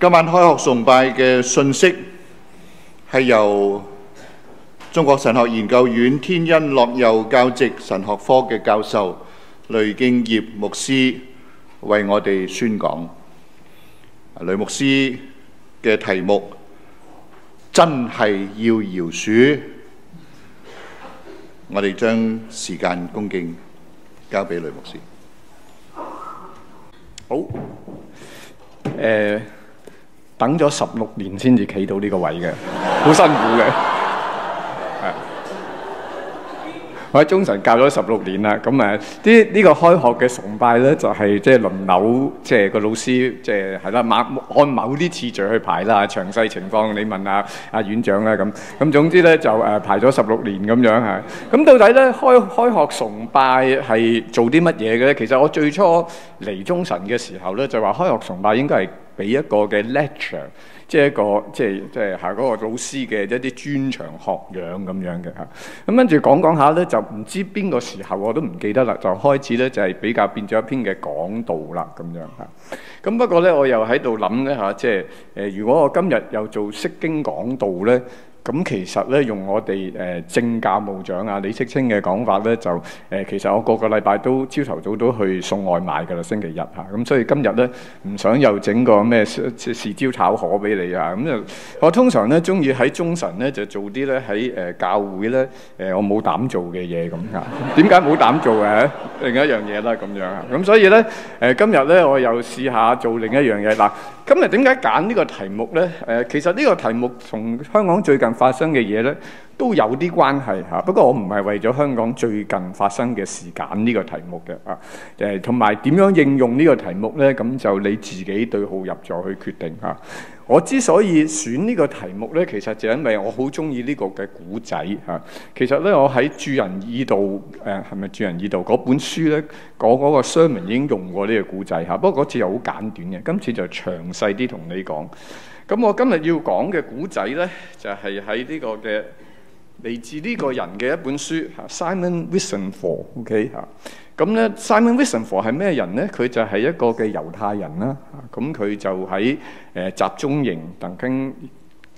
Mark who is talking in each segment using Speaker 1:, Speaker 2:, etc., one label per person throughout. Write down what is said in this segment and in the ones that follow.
Speaker 1: 今晚開學崇拜嘅信息係由中國神學研究院天恩諾佑教席神學科嘅教授雷競業牧師為我哋宣講。雷牧師嘅題目真係要饒恕，我哋將時間恭敬交俾雷牧師。
Speaker 2: 好，誒、呃。等咗十六年先至企到呢個位嘅，好辛苦嘅。係我喺中神教咗十六年啦，咁誒啲呢個開學嘅崇拜呢，就係即係輪流，即係個老師，即係係啦，按某啲次序去排啦。詳細情況你問阿阿院長啦。咁咁總之呢，就誒排咗十六年咁樣嚇。咁到底呢，開開學崇拜係做啲乜嘢嘅呢？其實我最初嚟中神嘅時候呢，就話開學崇拜應該係。俾一個嘅 lecture，即係一個即係即係下嗰個老師嘅一啲專長學養咁樣嘅嚇，咁跟住講講下咧，就唔知邊個時候我都唔記得啦，就開始咧就係、是、比較變咗一篇嘅講道啦咁樣嚇，咁、嗯、不過咧我又喺度諗咧嚇，即係誒、呃、如果我今日又做釋經講道咧。咁其實咧，用我哋誒政教務長啊李適清嘅講法咧，就誒、呃、其實我個個禮拜都朝頭早都去送外賣㗎啦，星期日嚇，咁、啊、所以今日咧唔想又整個咩豉椒炒河俾你啊，咁就我通常咧鍾意喺中神咧就做啲咧喺誒教會咧誒、呃、我冇膽做嘅嘢咁嚇，點解冇膽做啊？ 另一樣嘢啦咁樣啊，咁、啊、所以咧誒、呃、今日咧我又試下做另一樣嘢嗱。今日點解揀呢個題目咧？誒其實呢個題目從香港最近。發生嘅嘢咧都有啲關係嚇，不過我唔係為咗香港最近發生嘅事揀呢個題目嘅啊，誒同埋點樣應用呢個題目呢？咁就你自己對號入座去決定嚇。我之所以選呢個題目呢，其實就因為我好中意呢個嘅古仔嚇。其實呢，我喺《助人之道》誒係咪《助人之道》嗰本書呢？講、那、嗰個 sermon 已經用過呢個古仔嚇。不過嗰次又好簡短嘅，今次就詳細啲同你講。咁我今日要講嘅古仔咧，就係喺呢個嘅嚟自呢個人嘅一本書嚇，Simon Wiesenthal，OK 嚇。咁咧，Simon Wiesenthal 係咩人咧？佢就係一個嘅猶太人啦。咁佢就喺誒、呃、集中營，曾經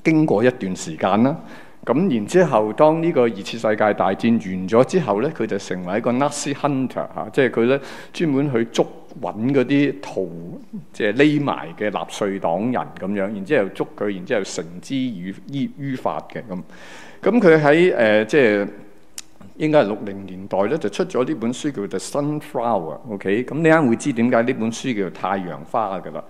Speaker 2: 經過一段時間啦。咁然之後，當呢個二次世界大戰完咗之後咧，佢就成為一個 Nazi hunter 嚇，即係佢咧專門去捉。揾嗰啲逃即係匿埋嘅納粹黨人咁樣，然之後捉佢，然後之後繩之於於於法嘅咁。咁佢喺誒即係應該係六零年代咧，就出咗呢本書叫做《The Sunflower》。OK，咁你啱會知點解呢本書叫《太陽花》噶啦？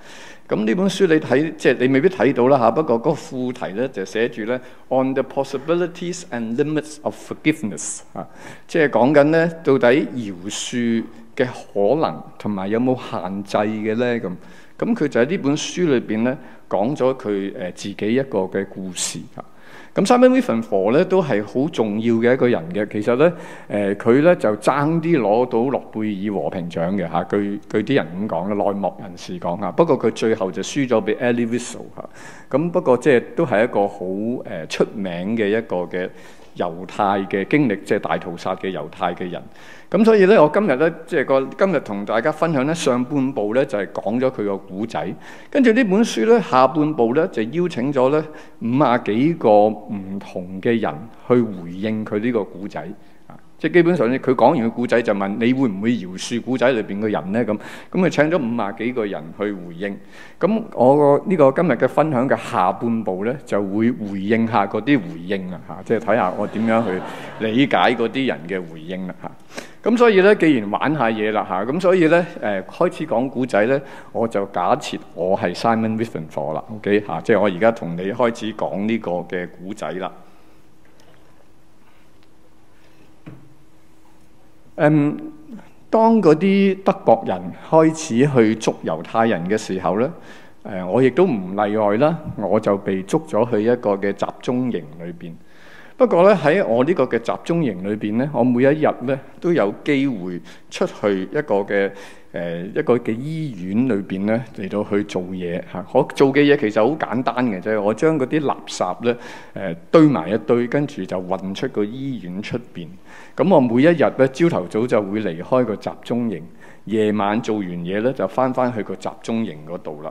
Speaker 2: 咁呢本書你睇即係你未必睇到啦嚇，不過嗰副題咧就寫住咧《On the possibilities and limits of forgiveness》啊，即係講緊咧到底饒恕。可能同埋有冇限制嘅咧咁，咁佢就喺呢本書裏邊咧講咗佢誒自己一個嘅故事嚇。咁、啊、Simon Wiesenthal 咧都係好重要嘅一個人嘅，其實咧誒佢咧就爭啲攞到諾貝爾和平獎嘅嚇，據據啲人咁講啦，內幕人士講嚇、啊。不過佢最後就輸咗俾 Elie Wiesel 嚇、啊。咁、啊、不過即、就、係、是、都係一個好誒、呃、出名嘅一個嘅。猶太嘅經歷，即、就、係、是、大屠殺嘅猶太嘅人，咁所以呢，我今日呢，即係個今日同大家分享呢上半部呢，就係講咗佢個古仔。跟住呢本書呢，下半部呢，就邀請咗呢五啊幾個唔同嘅人去回應佢呢個古仔。即基本上咧，佢講完個故仔就問：你會唔會饒恕故仔裏邊嘅人咧？咁咁啊，佢請咗五十幾個人去回應。咁我呢、這個今日嘅分享嘅下半部咧，就會回應下嗰啲回應啊！嚇，即係睇下我點樣去理解嗰啲人嘅回應啦！嚇、啊。咁所以咧，既然玩下嘢啦嚇，咁、啊、所以咧誒、呃，開始講故仔咧，我就假設我係 Simon Wiesenthal 啦。OK、啊、嚇，即係我而家同你開始講呢個嘅故仔啦。誒，um, 當嗰啲德國人開始去捉猶太人嘅時候咧，誒、呃，我亦都唔例外啦，我就被捉咗去一個嘅集中營裏邊。不過咧，喺我呢個嘅集中營裏邊咧，我每一日咧都有機會出去一個嘅。誒、呃、一個嘅醫院裏邊咧，嚟到去做嘢嚇。我、啊、做嘅嘢其實好簡單嘅啫，就係、我將嗰啲垃圾咧，誒、呃、堆埋一堆，跟住就運出個醫院出邊。咁、嗯、我每一日咧，朝頭早就會離開個集中營，夜晚做完嘢咧就翻翻去個集中營嗰度啦。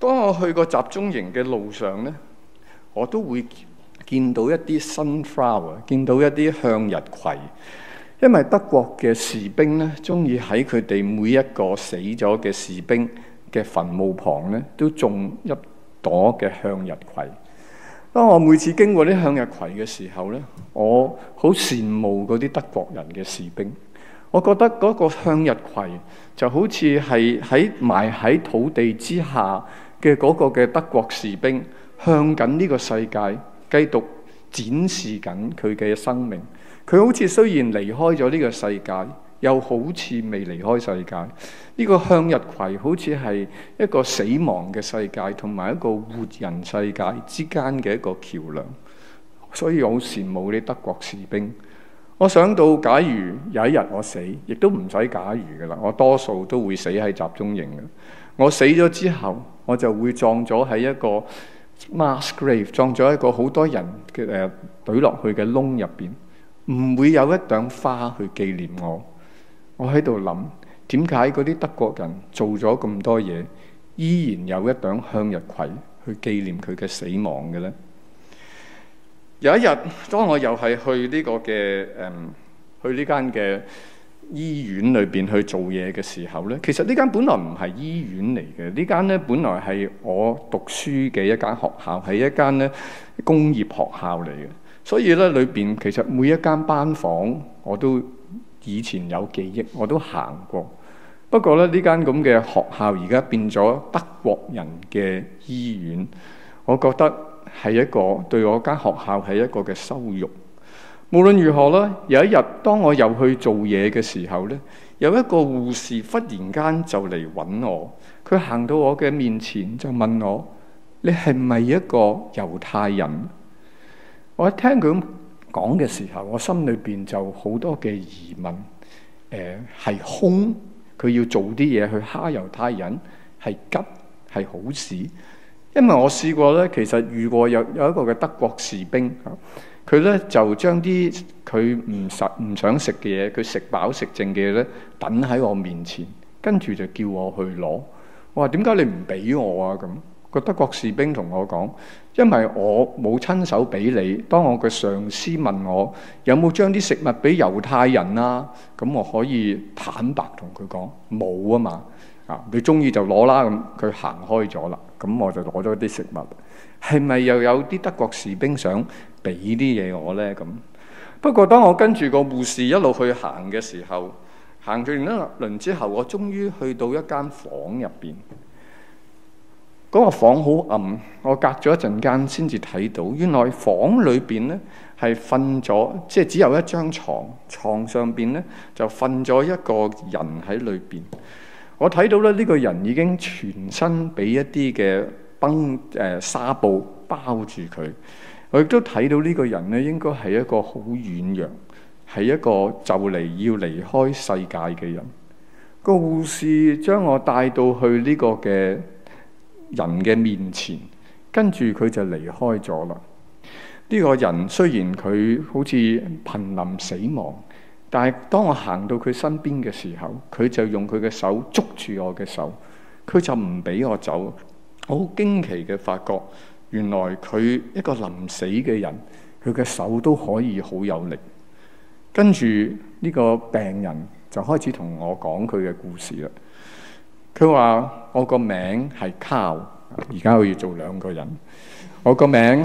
Speaker 2: 當我去個集中營嘅路上咧，我都會見到一啲 sunflower，見到一啲向日葵。因為德國嘅士兵咧，鍾意喺佢哋每一個死咗嘅士兵嘅墳墓旁咧，都種一朵嘅向日葵。當我每次經過啲向日葵嘅時候咧，我好羨慕嗰啲德國人嘅士兵。我覺得嗰個向日葵就好似係喺埋喺土地之下嘅嗰個嘅德國士兵，向緊呢個世界繼續展示緊佢嘅生命。佢好似雖然離開咗呢個世界，又好似未離開世界。呢、這個向日葵好似係一個死亡嘅世界同埋一個活人世界之間嘅一個橋梁，所以我好羨慕啲德國士兵。我想到假如有一日我死，亦都唔使假如㗎喇，我多數都會死喺集中營嘅。我死咗之後，我就會葬咗喺一個 mass grave，葬咗喺一個好多人嘅誒、呃、堆落去嘅窿入邊。唔會有一朵花去紀念我。我喺度諗點解嗰啲德國人做咗咁多嘢，依然有一朵向日葵去紀念佢嘅死亡嘅呢？有一日，當我又係去呢個嘅誒、嗯，去呢間嘅醫院裏邊去做嘢嘅時候呢，其實呢間本來唔係醫院嚟嘅，呢間呢，本來係我讀書嘅一間學校，係一間呢工業學校嚟嘅。所以咧，裏邊其實每一間班房我都以前有記憶，我都行過。不過咧，呢間咁嘅學校而家變咗德國人嘅醫院，我覺得係一個對我間學校係一個嘅羞辱。無論如何咧，有一日當我又去做嘢嘅時候咧，有一個護士忽然間就嚟揾我，佢行到我嘅面前就問我：你係咪一個猶太人？我一聽佢咁講嘅時候，我心裏邊就好多嘅疑問。誒、呃，係兇佢要做啲嘢去蝦猶太人，係急，係好事。
Speaker 1: 因為
Speaker 2: 我試過咧，其實遇過有有一個嘅德國士兵嚇，佢、啊、咧就將啲佢唔食唔想食嘅嘢，佢食飽食淨嘅嘢咧，等喺我面前，跟住就叫我去攞。我話點解你唔俾我啊？咁、嗰個德國士兵同我講。因為我冇親手俾你，當我個上司問我有冇將啲食物俾猶太人啦、啊，咁我可以坦白同佢講冇啊嘛。啊，你中意就攞啦咁，佢行開咗啦，咁我就攞咗啲食物。係咪又有啲德國士兵想俾啲嘢我呢？咁不過當我跟住個護士一路去行嘅時候，行咗完一輪之後，我終於去到一間房入邊。嗰個房好暗，我隔咗一陣間先至睇到，原來房裏邊呢係瞓咗，即係只有一張床，床上邊呢就瞓咗一個人喺裏邊。我睇到咧，呢個人已經全身俾一啲嘅繃，誒、紗布包住佢，我亦都睇到呢個人咧，應該係一個好軟弱，係一個就嚟要離開世界嘅人。個護士將我帶到去呢個嘅。人嘅面前，跟住佢就離開咗啦。呢、呢個人雖然佢好似瀕臨死亡，但係當我行到佢身邊嘅時候，佢就用佢嘅手捉住我嘅手，佢就唔俾我走。我好驚奇嘅發覺，原來佢一個臨死嘅人，佢嘅手都可以好有力。跟住呢個病人就開始同我講佢嘅故事啦。佢話：我個名係 Cow，而家我要做兩個人。我個名，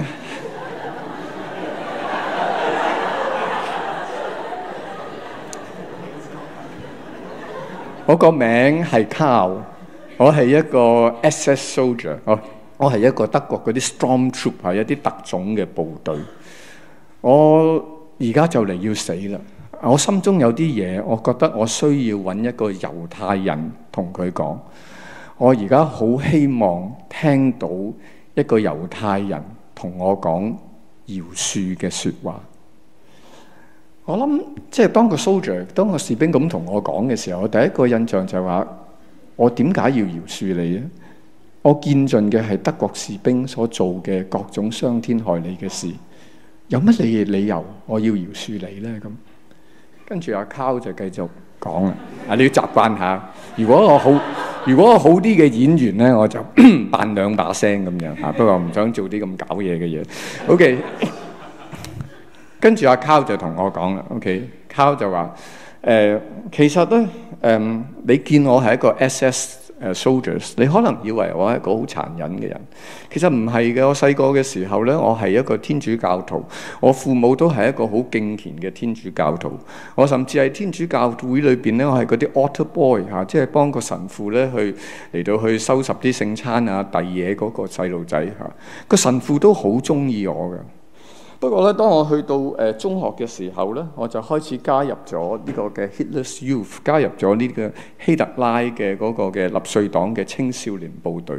Speaker 2: 我個名係 Cow。我係一個 S.S. soldier，我我係一個德國嗰啲 Storm Troop，係一啲特種嘅部隊。我而家就嚟要死啦！我心中有啲嘢，我覺得我需要揾一個猶太人。同佢講，我而家好希望聽到一個猶太人同我講饒恕嘅說話。我諗，即係當個 soldier，當個士兵咁同我講嘅時候，我第一個印象就係話：我點解要饒恕你呢？我見盡嘅係德國士兵所做嘅各種傷天害理嘅事，有乜理理由我要饒恕你呢？咁，跟住阿 Karl 就繼續。講啦，啊你要習慣下，如果我好，如果我好啲嘅演員咧，我就 扮兩把聲咁樣吓、啊。不過唔想做啲咁搞嘢嘅嘢。OK，跟住阿 cow 就同我講啦。OK，cow 就話：誒，其實咧，誒、呃，你見我係一個 SS。誒、uh, soldiers，你可能以為我係一個好殘忍嘅人，其實唔係嘅。我細個嘅時候咧，我係一個天主教徒，我父母都係一個好敬虔嘅天主教徒。我甚至喺天主教會裏邊咧，我係嗰啲 altar boy 嚇、啊，即係幫個神父咧去嚟到去收拾啲聖餐啊遞嘢嗰個細路仔嚇。個神父都好中意我㗎。不過咧，當我去到誒、呃、中學嘅時候咧，我就開始加入咗呢個嘅 Hitler Youth，加入咗呢個希特拉嘅嗰個嘅納粹黨嘅青少年部隊。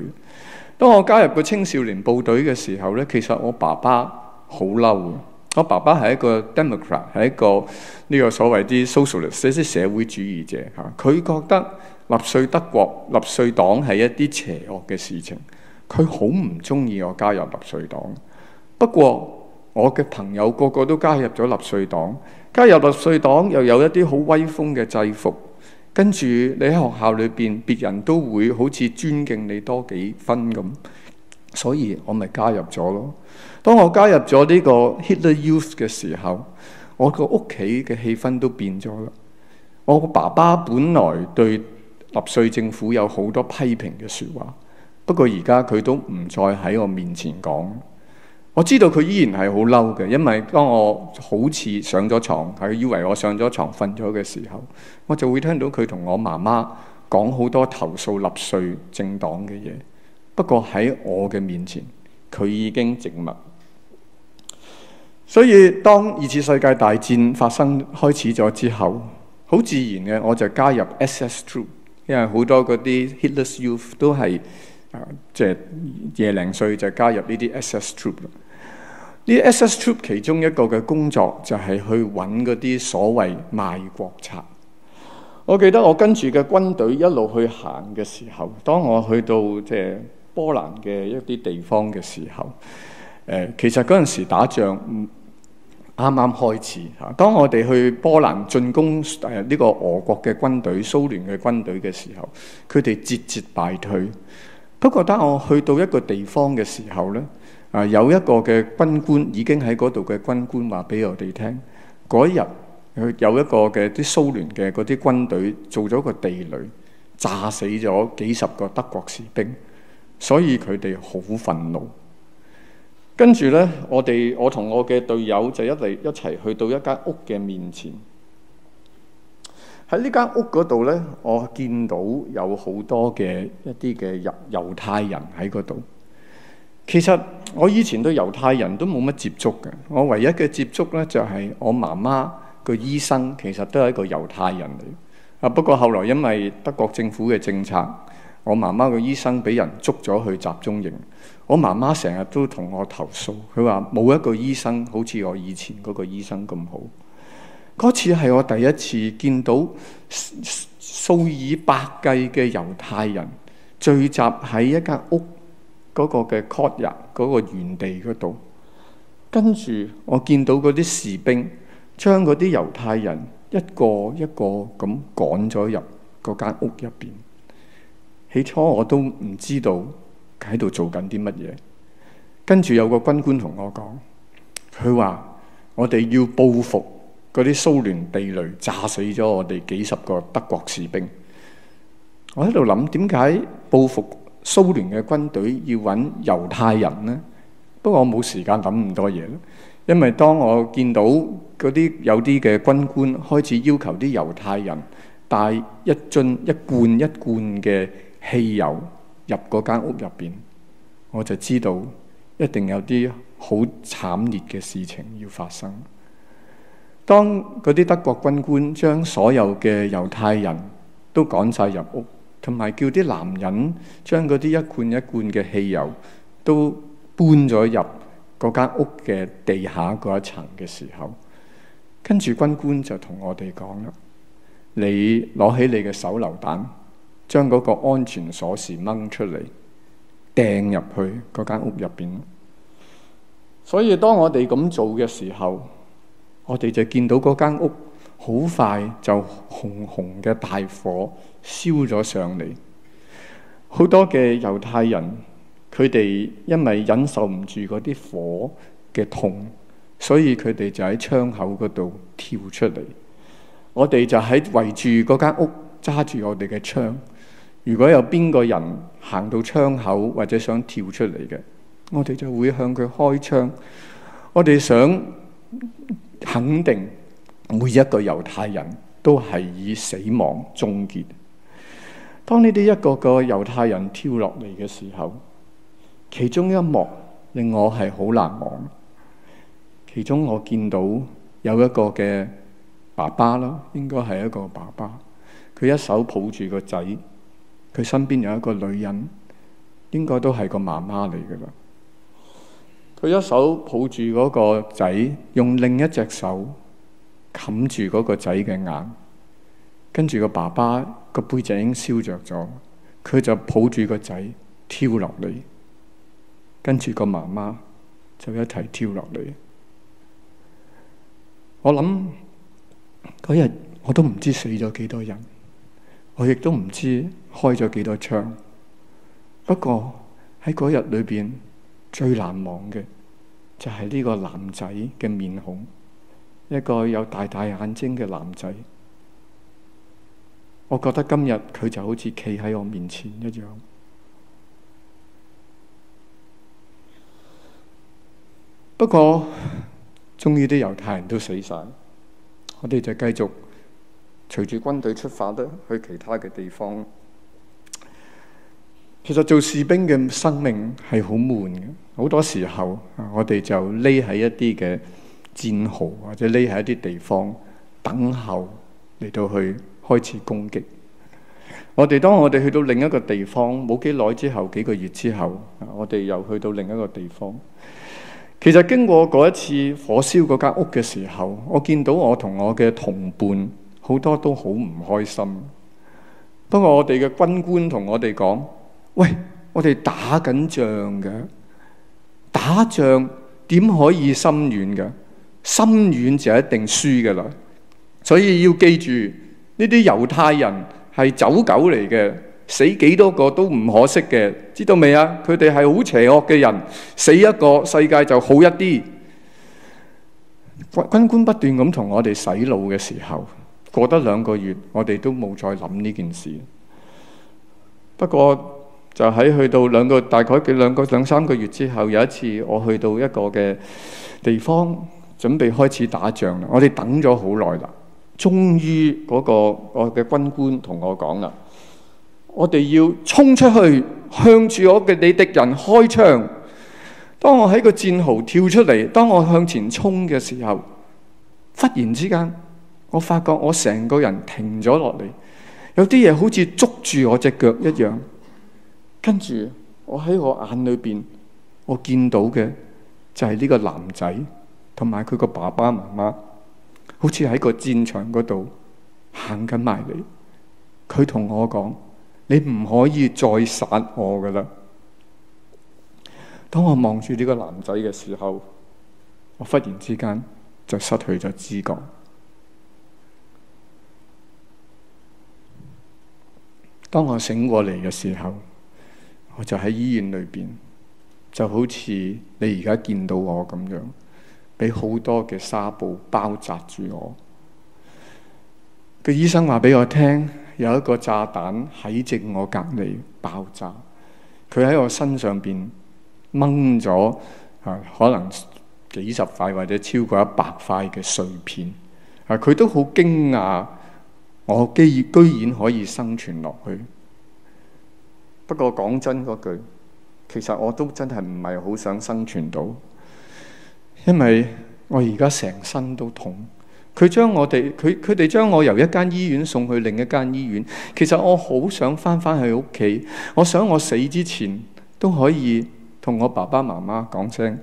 Speaker 2: 當我加入個青少年部隊嘅時候咧，其實我爸爸好嬲。我爸爸係一個 Democrat，係一個呢個所謂啲 socialist，即啲社會主義者嚇。佢覺得納粹德國、納粹黨係一啲邪惡嘅事情，佢好唔中意我加入納粹黨。不過，我嘅朋友個個都加入咗納粹黨，加入納粹黨又有一啲好威風嘅制服，跟住你喺學校裏邊，別人都會好似尊敬你多幾分咁，所以我咪加入咗咯。當我加入咗呢個 Hitler Youth 嘅時候，我個屋企嘅氣氛都變咗啦。我爸爸本來對納粹政府有好多批評嘅説話，不過而家佢都唔再喺我面前講。我知道佢依然係好嬲嘅，因為當我好似上咗床，係以為我上咗床瞓咗嘅時候，我就會聽到佢同我媽媽講好多投訴納粹政黨嘅嘢。不過喺我嘅面前，佢已經靜默。所以當二次世界大戰發生開始咗之後，好自然嘅我就加入 SS troop，因為好多嗰啲 Hitler Youth 都係啊，即係廿零歲就加入呢啲 SS troop 啦。啲 SS troop 其中一個嘅工作就係去揾嗰啲所謂賣國賊。我記得我跟住嘅軍隊一路去行嘅時候，當我去到即係波蘭嘅一啲地方嘅時候，誒、呃，其實嗰陣時打仗唔啱啱開始嚇、啊。當我哋去波蘭進攻誒呢、呃這個俄國嘅軍隊、蘇聯嘅軍隊嘅時候，佢哋節節敗退。不過當我去到一個地方嘅時候咧。啊，有一個嘅軍官已經喺嗰度嘅軍官話俾我哋聽，嗰一日佢有一個嘅啲蘇聯嘅嗰啲軍隊做咗個地雷，炸死咗幾十個德國士兵，所以佢哋好憤怒。跟住呢，我哋我同我嘅隊友就一嚟一齊去到一間屋嘅面前，喺呢間屋嗰度呢，我見到有好多嘅一啲嘅猶猶太人喺嗰度。其實我以前對猶太人都冇乜接觸嘅，我唯一嘅接觸呢，就係我媽媽個醫生，其實都係一個猶太人嚟。啊，不過後來因為德國政府嘅政策，我媽媽個醫生俾人捉咗去集中營。我媽媽成日都同我投訴，佢話冇一個醫生好似我以前嗰個醫生咁好。嗰次係我第一次見到數以百計嘅猶太人聚集喺一間屋。嗰個嘅確入嗰個原地嗰度，跟住我見到嗰啲士兵將嗰啲猶太人一個一個咁趕咗入嗰間屋入邊。起初我都唔知道喺度做緊啲乜嘢，跟住有個軍官同我講，佢話我哋要報復嗰啲蘇聯地雷炸死咗我哋幾十個德國士兵。我喺度諗點解報復？蘇聯嘅軍隊要揾猶太人咧，不過我冇時間諗咁多嘢。因為當我見到嗰啲有啲嘅軍官開始要求啲猶太人帶一樽一罐一罐嘅汽油入嗰間屋入邊，我就知道一定有啲好慘烈嘅事情要發生。當嗰啲德國軍官將所有嘅猶太人都趕晒入屋，同埋叫啲男人將嗰啲一罐一罐嘅汽油都搬咗入嗰間屋嘅地下嗰一層嘅時候，跟住軍官就同我哋講啦：你攞起你嘅手榴彈，將嗰個安全鎖匙掹出嚟，掟入去嗰間屋入邊。所以當我哋咁做嘅時候，我哋就見到嗰間屋。好快就紅紅嘅大火燒咗上嚟，好多嘅猶太人佢哋因為忍受唔住嗰啲火嘅痛，所以佢哋就喺窗口嗰度跳出嚟。我哋就喺圍住嗰間屋揸住我哋嘅槍。如果有邊個人行到窗口或者想跳出嚟嘅，我哋就會向佢開槍。我哋想肯定。每一個猶太人都係以死亡終結。當呢啲一個個猶太人跳落嚟嘅時候，其中一幕令我係好難忘。其中我見到有一個嘅爸爸啦，應該係一個爸爸，佢一手抱住個仔，佢身邊有一個女人，應該都係個媽媽嚟噶啦。佢一手抱住嗰個仔，用另一隻手。冚住嗰個仔嘅眼，跟住個爸爸個背脊已經燒着咗，佢就抱住個仔跳落嚟，跟住個媽媽就一齊跳落嚟。我諗嗰日我都唔知死咗幾多人，我亦都唔知開咗幾多槍。不過喺嗰日裏邊最難忘嘅就係呢個男仔嘅面孔。一個有大大眼睛嘅男仔，我覺得今日佢就好似企喺我面前一樣。不過，終於啲猶太人都死晒，我哋就繼續隨住軍隊出發啦，去其他嘅地方。其實做士兵嘅生命係好悶嘅，好多時候我哋就匿喺一啲嘅。戰壕或者匿喺一啲地方等候嚟到去開始攻擊。我哋，當我哋去到另一個地方冇幾耐之後，幾個月之後，我哋又去到另一個地方。其實經過嗰一次火燒嗰間屋嘅時候，我見到我同我嘅同伴好多都好唔開心。不過我哋嘅軍官同我哋講：喂，我哋打緊仗嘅，打仗點可以心軟嘅？心軟就一定輸㗎喇，所以要記住呢啲猶太人係走狗嚟嘅，死幾多個都唔可惜嘅，知道未啊？佢哋係好邪惡嘅人，死一個世界就好一啲。軍官不斷咁同我哋洗腦嘅時候，過得兩個月，我哋都冇再諗呢件事。不過就喺去到兩個大概幾兩個兩三個月之後，有一次我去到一個嘅地方。準備開始打仗啦，我哋等咗好耐啦，終於嗰個我嘅軍官同我講啦：我哋要衝出去，向住我嘅你敵人開槍。當我喺個戰壕跳出嚟，當我向前衝嘅時候，忽然之間，我發覺我成個人停咗落嚟，有啲嘢好似捉住我隻腳一樣。跟住我喺我眼裏邊，我見到嘅就係呢個男仔。同埋佢個爸爸媽媽，好似喺個戰場嗰度行緊埋嚟。佢同我講：你唔可以再殺我噶啦！當我望住呢個男仔嘅時候，我忽然之間就失去咗知覺。當我醒過嚟嘅時候，我就喺醫院裏邊，就好似你而家見到我咁樣。俾好多嘅紗布包紮住我，個醫生話俾我聽，有一個炸彈喺正我隔籬爆炸，佢喺我身上邊掹咗啊可能幾十塊或者超過一百塊嘅碎片啊，佢都好驚訝我居然可以生存落去。不過講真嗰句，其實我都真係唔係好想生存到。因為我而家成身都痛，佢將我哋佢佢哋將我由一間醫院送去另一間醫院。其實我好想翻翻去屋企，我想我死之前都可以同我爸爸媽媽講聲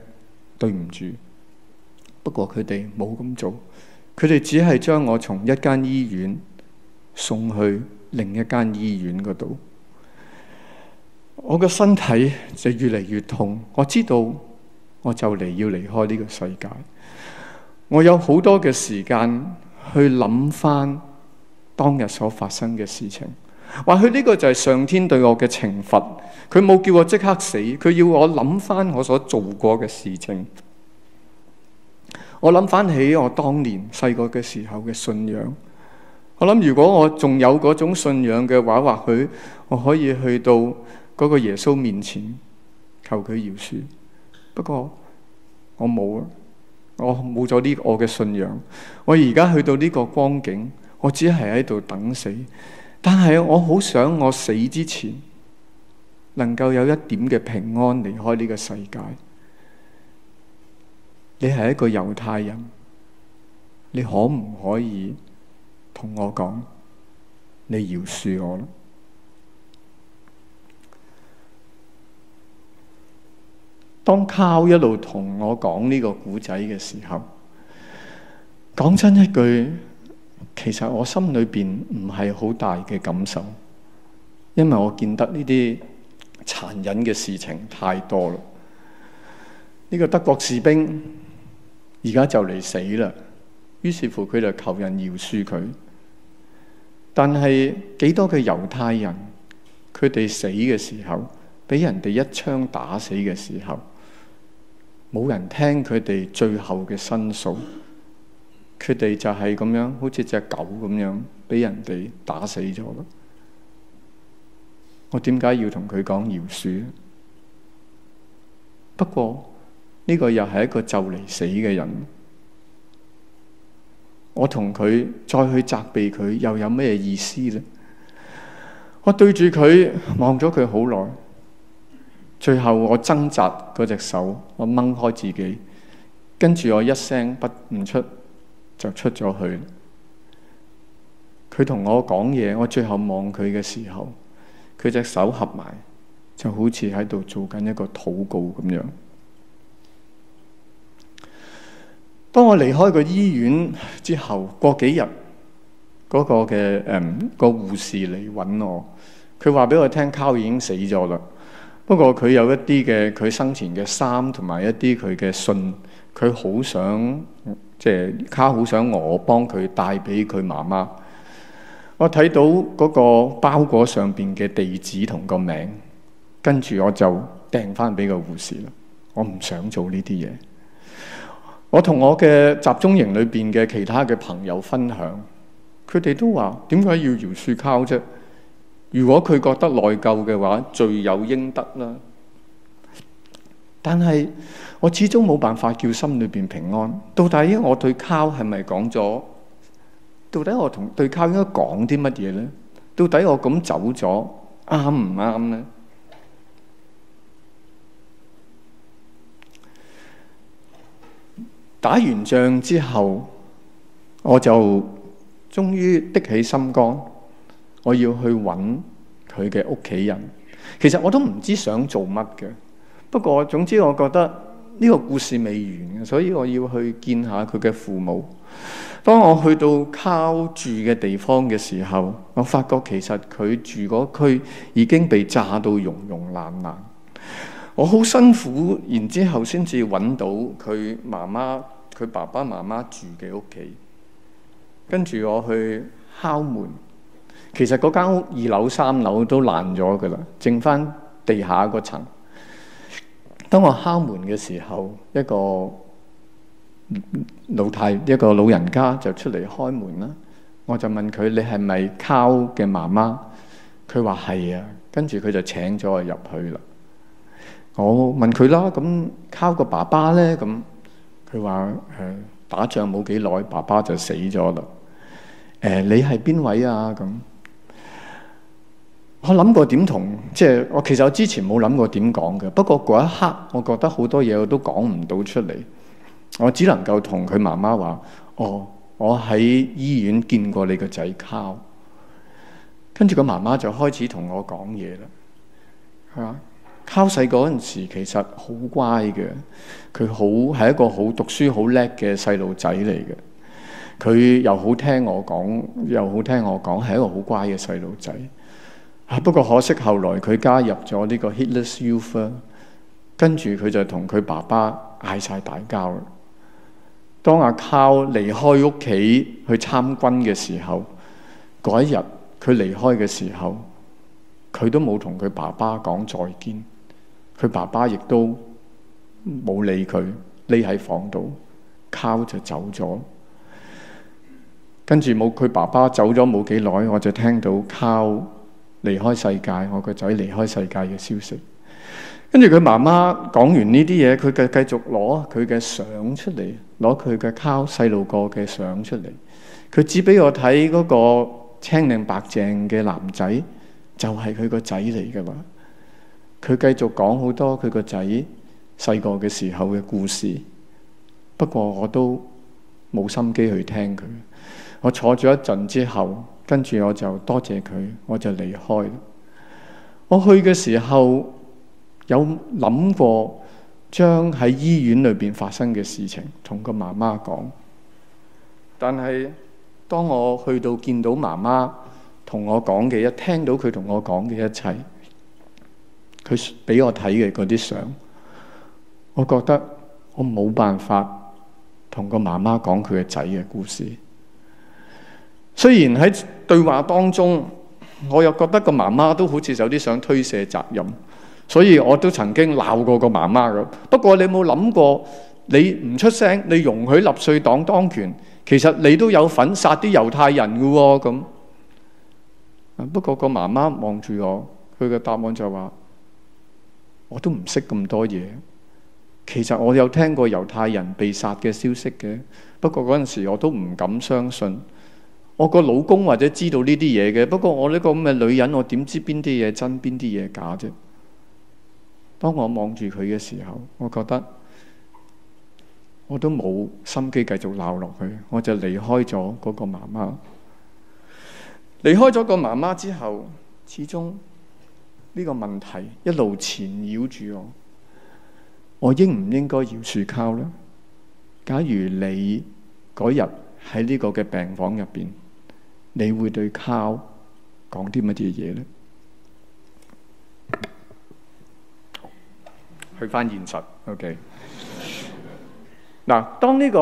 Speaker 2: 對唔住。不過佢哋冇咁做，佢哋只係將我從一間醫院送去另一間醫院嗰度。我嘅身體就越嚟越痛，我知道。我就嚟要離開呢個世界，我有好多嘅時間去諗翻當日所發生嘅事情，或許呢個就係上天對我嘅懲罰。佢冇叫我即刻死，佢要我諗翻我所做過嘅事情。我諗翻起我當年細個嘅時候嘅信仰，我諗如果我仲有嗰種信仰嘅話，或許我可以去到嗰個耶穌面前求佢饒恕。不過我冇啦，我冇咗呢我嘅信仰。我而家去到呢個光景，我只係喺度等死。
Speaker 1: 但係我
Speaker 2: 好想我死之前能夠有一點嘅平安離開呢個世界。你係一個猶太人，你可唔可以同我講，你饒恕我呢？當卡爾一路同我講呢個古仔嘅時候，講真一句，其實我心裏邊唔係好大嘅感受，因為我見得呢啲殘忍嘅事情太多啦。呢、這個德國士兵而家就嚟死啦，於是乎佢就求人饒恕佢。但係幾多嘅猶太人，佢哋死嘅時候，俾人哋一槍打死嘅時候。冇人聽佢哋最後嘅申訴，佢哋就係咁樣，好似隻狗咁樣，俾人哋打死咗咯。我點解要同佢講饒恕？不過呢個又係一個就嚟死嘅人，我同佢再去責備佢，又有咩意思呢？我對住佢望咗佢好耐。最後我掙扎嗰隻手，我掹開自己，跟住我一聲不唔出，就出咗去。佢同我講嘢，我最後望佢嘅時候，佢隻手合埋，就好似喺度做緊一個禱告咁樣。當我離開個醫院之後，過幾日，嗰、那個嘅誒、呃那個護士嚟揾我，佢話俾我聽，卡爾已經死咗啦。不過佢有一啲嘅，佢生前嘅衫同埋一啲佢嘅信，佢好想即係卡好想我幫佢帶俾佢媽媽。我睇到嗰個包裹上邊嘅地址同個名，跟住我就掟翻俾個護士啦。我唔想做呢啲嘢。我同我嘅集中營裏邊嘅其他嘅朋友分享，佢哋都話：點解要搖樹敲啫？如果佢覺得內疚嘅話，罪有應得啦。但係我始終冇辦法叫心裏邊平安。到底我對卡係咪講咗？到底我同對卡應該講啲乜嘢呢？到底我咁走咗啱唔啱呢？打完仗之後，我就終於的起心肝。我要去揾佢嘅屋企人，其實我都唔知想做乜嘅。不過總之我覺得呢個故事未完，所以我要去見下佢嘅父母。當我去到靠住嘅地方嘅時候，我發覺其實佢住嗰區已經被炸到融融爛爛。我好辛苦，然之後先至揾到佢媽媽、佢爸爸媽媽住嘅屋企，跟住我去敲門。其實嗰間屋二樓三樓都爛咗㗎喇，剩翻地下嗰層。當我敲門嘅時候，一個老太一個老人家就出嚟開門啦。我就問佢：你係咪敲嘅媽媽？佢話係啊。跟住佢就請咗我入去啦。我問佢啦：咁敲個爸爸咧？咁佢話：誒，打仗冇幾耐，爸爸就死咗啦。誒、欸、你係邊位啊？咁我諗過點同，即係我其實我之前冇諗過點講嘅。不過嗰一刻，我覺得好多嘢我都講唔到出嚟，我只能夠同佢媽媽話：oh, 我我喺醫院見過你個仔 Karl。跟住個媽媽就開始同我講嘢啦，係嘛？Karl 細嗰陣時其實好乖嘅，佢好係一個好讀書好叻嘅細路仔嚟嘅。佢又好聽我講，又好聽我講，係一個好乖嘅細路仔。不過可惜，後來佢加入咗呢個 Hitler Youth，跟住佢就同佢爸爸嗌晒大交。當阿 Karl 離開屋企去參軍嘅時候，嗰一日佢離開嘅時候，佢都冇同佢爸爸講再見。佢爸爸亦都冇理佢，匿喺房度。Karl 就走咗，跟住冇佢爸爸走咗冇幾耐，我就聽到 Karl 離開世界，我個仔離開世界嘅消息。跟住佢媽媽講完呢啲嘢，佢繼繼續攞佢嘅相出嚟，攞佢嘅考細路個嘅相出嚟。佢只俾我睇嗰個青靚白淨嘅男仔，就係佢個仔嚟噶嘛。佢繼續講好多佢個仔細個嘅時候嘅故事，不過我都冇心機去聽佢。我坐咗一陣之後。跟住我就多謝佢，我就離開。我去嘅時候有諗過，將喺醫院裏邊發生嘅事情同個媽媽講。但係當我去到見到媽媽同我講嘅，一聽到佢同我講嘅一切，佢俾我睇嘅嗰啲相，我覺得我冇辦法同個媽媽講佢嘅仔嘅故事。雖然喺對話當中，我又覺得個媽媽都好似有啲想推卸責任，所以我都曾經鬧過個媽媽嘅。不過你有冇諗過，你唔出聲，你容許納粹黨當權，其實你都有份殺啲猶太人嘅喎咁。不過個媽媽望住我，佢嘅答案就話：我都唔識咁多嘢。其實我有聽過猶太人被殺嘅消息嘅，不過嗰陣時我都唔敢相信。我個老公或者知道呢啲嘢嘅，不過我呢個咁嘅女人，我點知邊啲嘢真邊啲嘢假啫？當我望住佢嘅時候，我覺得我都冇心機繼續鬧落去，我就離開咗嗰個媽媽。離開咗個媽媽之後，始終呢個問題一路纏繞住我。我應唔應該饒恕佢呢？假如你嗰日喺呢個嘅病房入邊。你會對靠講啲乜嘢嘢咧？去翻現實，OK。嗱、這個，當呢個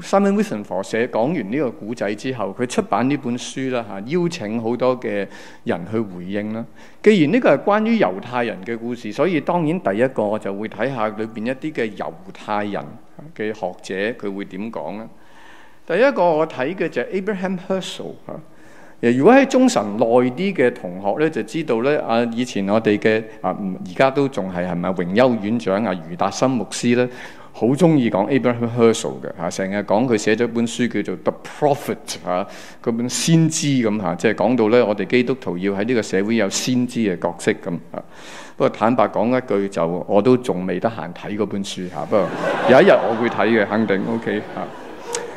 Speaker 2: 誒 Simon Wiesenthal 寫講完呢個古仔之後，佢出版呢本書啦嚇，邀請好多嘅人去回應啦。既然呢個係關於猶太人嘅故事，所以當然第一個就會睇下裏邊一啲嘅猶太人嘅學者，佢會點講咧？第一個我睇嘅就係 Abraham Heschel、啊、嚇，如果喺中神耐啲嘅同學咧就知道咧啊，以前我哋嘅啊而家都仲係係咪榮休院長啊余達心牧師咧，好中意講 Abraham Heschel 嘅嚇，成日講佢寫咗本書叫做 The Prophet 嚇、啊，嗰本先知咁嚇、啊，即係講到咧我哋基督徒要喺呢個社會有先知嘅角色咁嚇、啊啊啊。不過坦白講一句就，我都仲未得閒睇嗰本書嚇、啊，不過有一日我會睇嘅，肯定 OK 嚇、啊。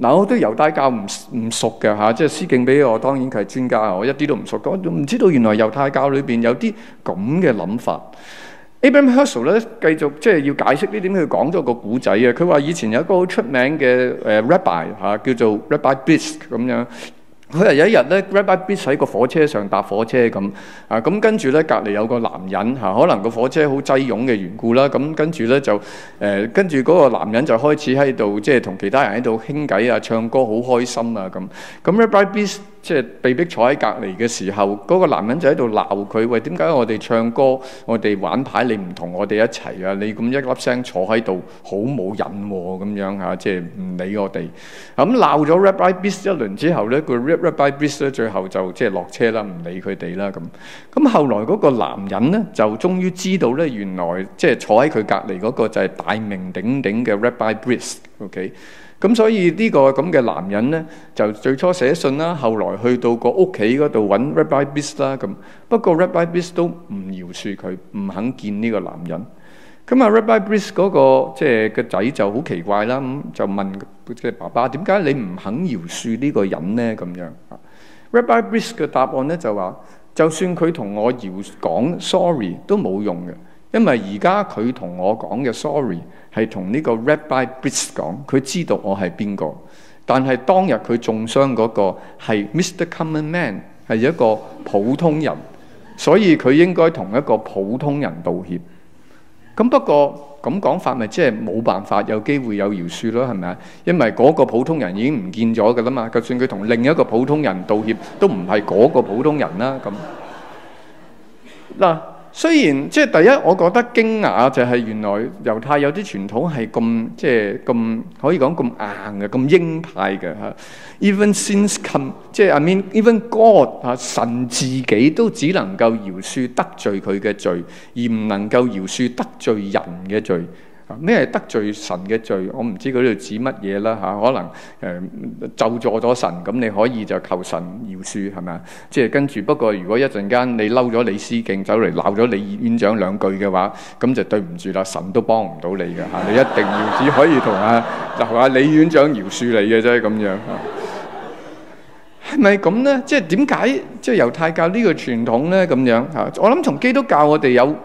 Speaker 2: 嗱、啊，我對猶太教唔唔熟嘅嚇，即、啊、係、就是、司敬俾我，當然佢係專家，我一啲都唔熟，我都唔知道原來猶太教裏邊有啲咁嘅諗法。Abraham Heschel 咧繼續即係、就是、要解釋呢點，佢講咗個古仔啊！佢話以前有一個好出名嘅誒、呃、rabbi 嚇、啊，叫做 rabbi Bisk 咁樣。佢係有一日咧 Rabbi 喺個火車上搭火車咁啊，咁、嗯、跟住咧隔離有個男人嚇、啊，可能個火車好擠擁嘅緣故啦，咁跟住咧就誒，跟住嗰、呃、個男人就開始喺度即係同其他人喺度傾偈啊、唱歌好開心啊咁，咁 Rabbi。嗯即係被逼坐喺隔離嘅時候，嗰、那個男人就喺度鬧佢，喂，點解我哋唱歌、我哋玩牌，你唔同我哋一齊啊？你咁一粒聲坐喺度，好冇癮喎咁樣嚇，即係唔理我哋。咁鬧咗 Rabbi brist 一輪之後咧，個 Rabbi brist 咧最後就即係落車啦，唔理佢哋啦咁。咁後來嗰個男人咧就終於知道咧，原來即係坐喺佢隔離嗰個就係大名鼎鼎嘅 Rabbi brist。OK。咁所以呢個咁嘅男人咧，就最初寫信啦，後來去到個屋企嗰度揾 Rabbi Briss 啦咁。不過 Rabbi Briss 都唔饒恕佢，唔肯見呢個男人。咁啊，Rabbi Briss r、那、嗰個即係個仔就好、是、奇怪啦，咁就問即係爸爸，點解你唔肯饒恕呢個人咧？咁樣啊，Rabbi Briss r 嘅答案咧就話，就算佢同我饒講 sorry 都冇用嘅，因為而家佢同我講嘅 sorry。係同呢個 rabbi Brisk 講，佢知道我係邊個，但係當日佢中傷嗰個係 Mr. Common Man 係一個普通人，所以佢應該同一個普通人道歉。咁不過咁講法咪即係冇辦法有機會有饒恕咯，係咪啊？因為嗰個普通人已經唔見咗㗎啦嘛，就算佢同另一個普通人道歉，都唔係嗰個普通人啦咁。嗱。 雖然即係第一，我覺得驚訝就係原來猶太有啲傳統係咁即係咁可以講咁硬嘅、咁鷹派嘅嚇。Even since come 即係 I mean even God 嚇神自己都只能夠饒恕得罪佢嘅罪，而唔能夠饒恕得罪人嘅罪。咩係得罪神嘅罪？我唔知嗰度指乜嘢啦嚇，可能誒救、呃、助咗神，咁你可以就求神饒恕係咪啊？即係、就是、跟住，不過如果一陣間你嬲咗李思敬走嚟鬧咗李院長兩句嘅話，咁就對唔住啦，神都幫唔到你嘅嚇，你一定要只可以同阿同啊 李院長饒恕你嘅啫咁樣。係咪咁咧？即係點解即係猶太教呢個傳統咧？咁樣嚇，我諗從基督教我哋有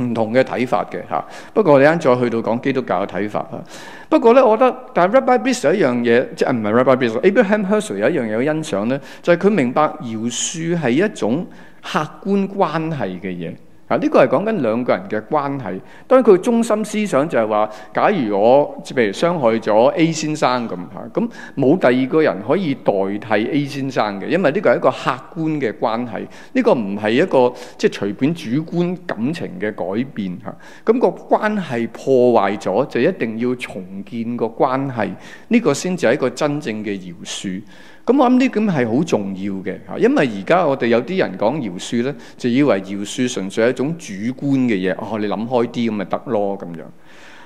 Speaker 2: 唔同嘅睇法嘅嚇，不過我哋啱再去到講基督教嘅睇法啦。不過咧，我覺得但係 rabbi bishar 一樣嘢，即係唔係 rabbi bishar，Abraham Hersh 有一樣嘢好、啊、欣賞咧，就係、是、佢明白《饒恕》係一種客觀關係嘅嘢。呢個係講緊兩個人嘅關係。當然佢中心思想就係話，假如我譬如傷害咗 A 先生咁嚇，咁冇第二個人可以代替 A 先生嘅，因為呢個係一個客觀嘅關係。呢個唔係一個即係隨便主觀感情嘅改變嚇。咁個關係破壞咗，就一定要重建個關係。呢個先至係一個真正嘅饒恕。咁我諗呢咁係好重要嘅嚇，因為而家我哋有啲人講饒恕咧，就以為饒恕純粹係一種主觀嘅嘢。哦，你諗開啲咁咪得咯咁樣。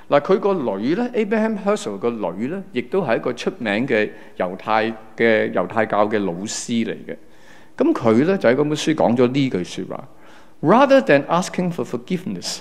Speaker 2: 嗱，佢個女咧，Abraham Herschel 個女咧，亦都係一個出名嘅猶太嘅猶太教嘅老師嚟嘅。咁佢咧就喺嗰本書講咗呢句説話：Rather than asking for forgiveness。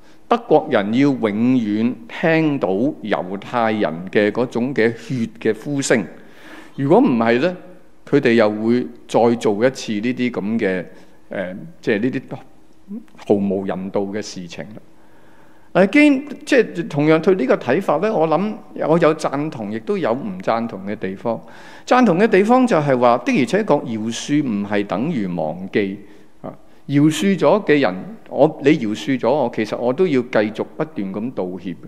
Speaker 2: 德國人要永遠聽到猶太人嘅嗰種嘅血嘅呼聲，如果唔係呢，佢哋又會再做一次呢啲咁嘅誒，即係呢啲毫無人道嘅事情。嗱、啊，既即係同樣對呢個睇法呢，我諗我有贊同，亦都有唔贊同嘅地方。贊同嘅地方就係話的而且確，饒恕唔係等於忘記。.饒恕咗嘅人，我你饒恕咗我，其實我都要繼續不斷咁道歉嘅。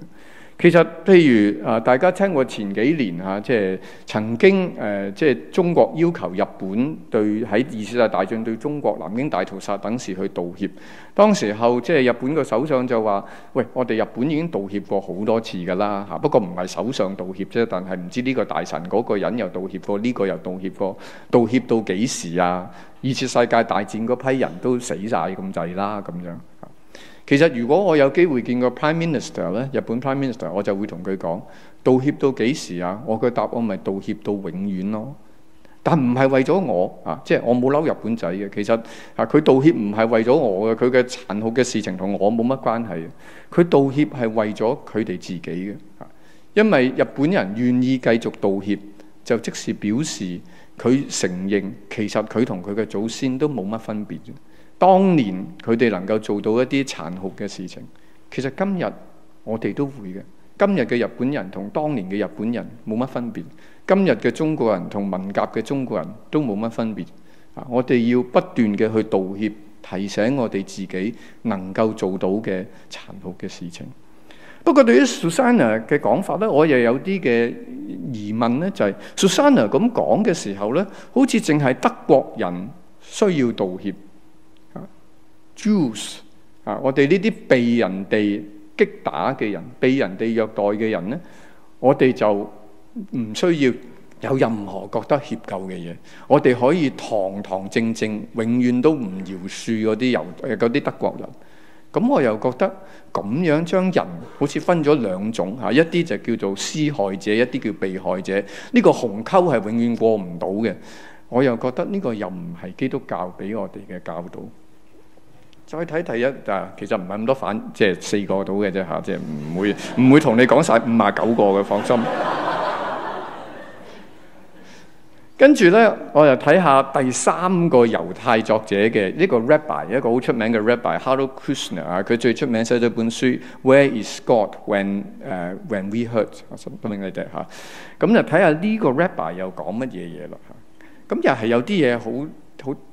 Speaker 2: 其實，譬如啊，大家聽過前幾年嚇，即係曾經誒、呃，即係中國要求日本對喺二次世界大戰對中國南京大屠殺等事去道歉。當時候即係日本個首相就話：「喂，我哋日本已經道歉過好多次㗎啦嚇，不過唔係首相道歉啫，但係唔知呢個大臣嗰個人又道歉過，呢、這個又道歉過，道歉到幾時啊？二次世界大戰嗰批人都死晒咁滯啦，咁樣。其實如果我有機會見過 Prime Minister 咧，日本 Prime Minister，我就會同佢講，道歉到幾時啊？我嘅答案咪道歉到永遠咯。但唔係為咗我啊，即係我冇嬲日本仔嘅。其實啊，佢道歉唔係為咗我嘅，佢嘅殘酷嘅事情同我冇乜關係。佢道歉係為咗佢哋自己嘅，啊，因為日本人願意繼續道歉，就即係表示佢承認其實佢同佢嘅祖先都冇乜分別。當年佢哋能夠做到一啲殘酷嘅事情，其實今日我哋都會嘅。今日嘅日本人同當年嘅日本人冇乜分別，今日嘅中國人同文革嘅中國人都冇乜分別。我哋要不斷嘅去道歉，提醒我哋自己能夠做到嘅殘酷嘅事情。不過，對於 Susanna 嘅講法咧，我又有啲嘅疑問咧，就係 Susanna 咁講嘅時候咧，好似淨係德國人需要道歉。Jews 啊，我哋呢啲被人哋擊打嘅人，被人哋虐待嘅人呢，我哋就唔需要有任何覺得恥疚嘅嘢。我哋可以堂堂正正，永遠都唔饒恕嗰啲猶誒嗰啲德國人。咁我又覺得咁樣將人好似分咗兩種嚇，一啲就叫做施害者，一啲叫被害者。呢個鴻溝係永遠過唔到嘅。我又覺得呢個又唔係基督教俾我哋嘅教導。再睇第一啊，其實唔係咁多反，即係四個到嘅啫吓，即係唔會唔會同你講晒五啊九個嘅，放心。跟住咧，我又睇下第三個猶太作者嘅呢、呢個 rabbi，一個好出名嘅 rabbi，Harold Kushner 啊，佢最出名寫咗本書《Where Is God When？誒、uh, When We Hurt》。我心都明你哋。咁就睇下呢個 rabbi 又講乜嘢嘢咯。咁又係有啲嘢好。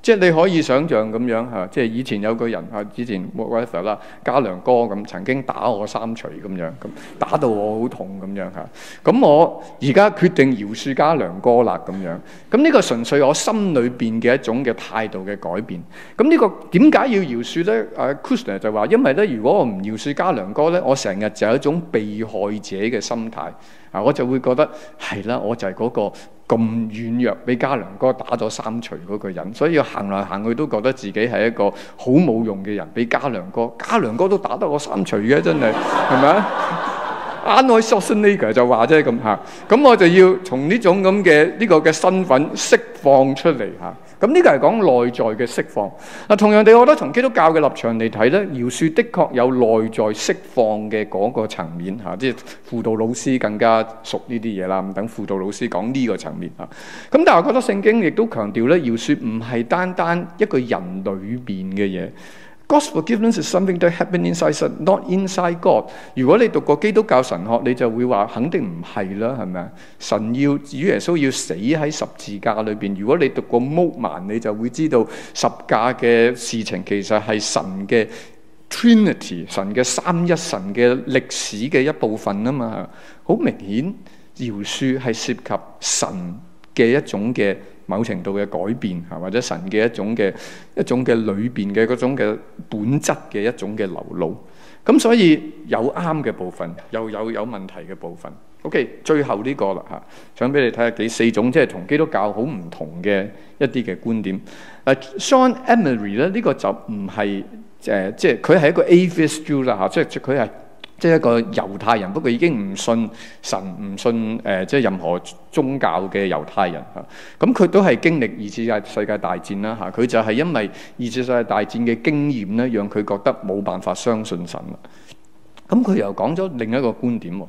Speaker 2: 即係你可以想象咁樣嚇，即係以前有個人啊，之前 whatever 啦，加良哥咁曾經打我三錘咁樣，咁打到我好痛咁樣嚇。咁我而家決定饒恕加良哥啦咁樣。咁呢個純粹我心裏邊嘅一種嘅態度嘅改變。咁呢個點解要饒恕咧？啊 Kushner 就話：因為咧，如果我唔饒恕加良哥咧，我成日就係一種被害者嘅心態啊，我就會覺得係啦，我就係嗰、嗰個。咁軟弱，俾嘉良哥打咗三錘嗰個人，所以我行嚟行去都覺得自己係一個好冇用嘅人。俾嘉良哥，嘉良哥都打得我三錘嘅，真係，係咪啊？眼內 source 呢個就話啫咁吓，咁、嗯、我就要從呢種咁嘅呢個嘅身份釋放出嚟吓，咁呢個係講內在嘅釋放。嗱，同樣地，我覺得從基督教嘅立場嚟睇咧，饒恕的確有內在釋放嘅嗰個層面嚇、嗯，即係輔導老師更加熟呢啲嘢啦，唔等輔導老師講呢個層面嚇。咁、嗯、但係我覺得聖經亦都強調咧，饒恕唔係單單一個人裏面嘅嘢。God's forgiveness is something that happened inside God, not inside God。如果你讀過基督教神學，你就會話肯定唔係啦，係咪神要與耶穌要死喺十字架裏邊。如果你讀過 Moltmann，你就會知道十架嘅事情其實係神嘅 trinity，神嘅三一，神嘅歷史嘅一部分啊嘛。好明顯，饒恕係涉及神嘅一種嘅。某程度嘅改變嚇，或者神嘅一種嘅一種嘅裏邊嘅嗰種嘅本質嘅一種嘅流露，咁所以有啱嘅部分，又有有問題嘅部分。OK，最後呢個啦嚇，想俾你睇下幾四種即係同基督教好唔同嘅一啲嘅觀點。啊、uh,，Sean Emery 咧呢個就唔係誒，即係佢係一個 Atheist Jew 啦嚇，U, 即係佢係。即係一個猶太人，不過已經唔信神，唔信誒、呃，即係任何宗教嘅猶太人嚇。咁、啊、佢都係經歷二次世界大戰啦嚇，佢、啊、就係因為二次世界大戰嘅經驗咧，讓佢覺得冇辦法相信神啦。咁佢又講咗另一個觀點喎。啊